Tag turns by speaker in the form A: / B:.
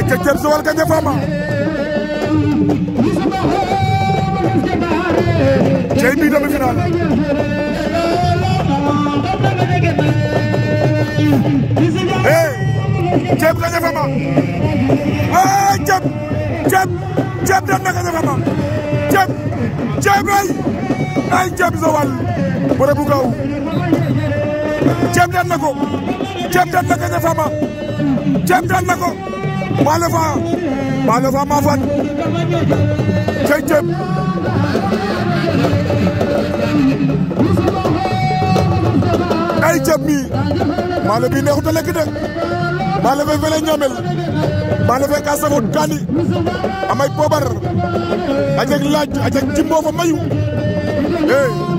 A: ay ca Thierno Sowal Gandia Fama cey bi demi-finale eh ceeb Gandia Fama ah ceeb ceeb ceeb dem na Gandia ceeb ceeb ay ay ceeb ceeb ceeb dem na Gandia ceeb dem ko. Malefa Malefa Mafat Cey Cey ay ceeb mi maalo bi neexut a lekk de maalo fee fele ñamel maalo fee ka safut kaani amay poobar a jeg laaj
B: a jeg jimboo fa mayu ee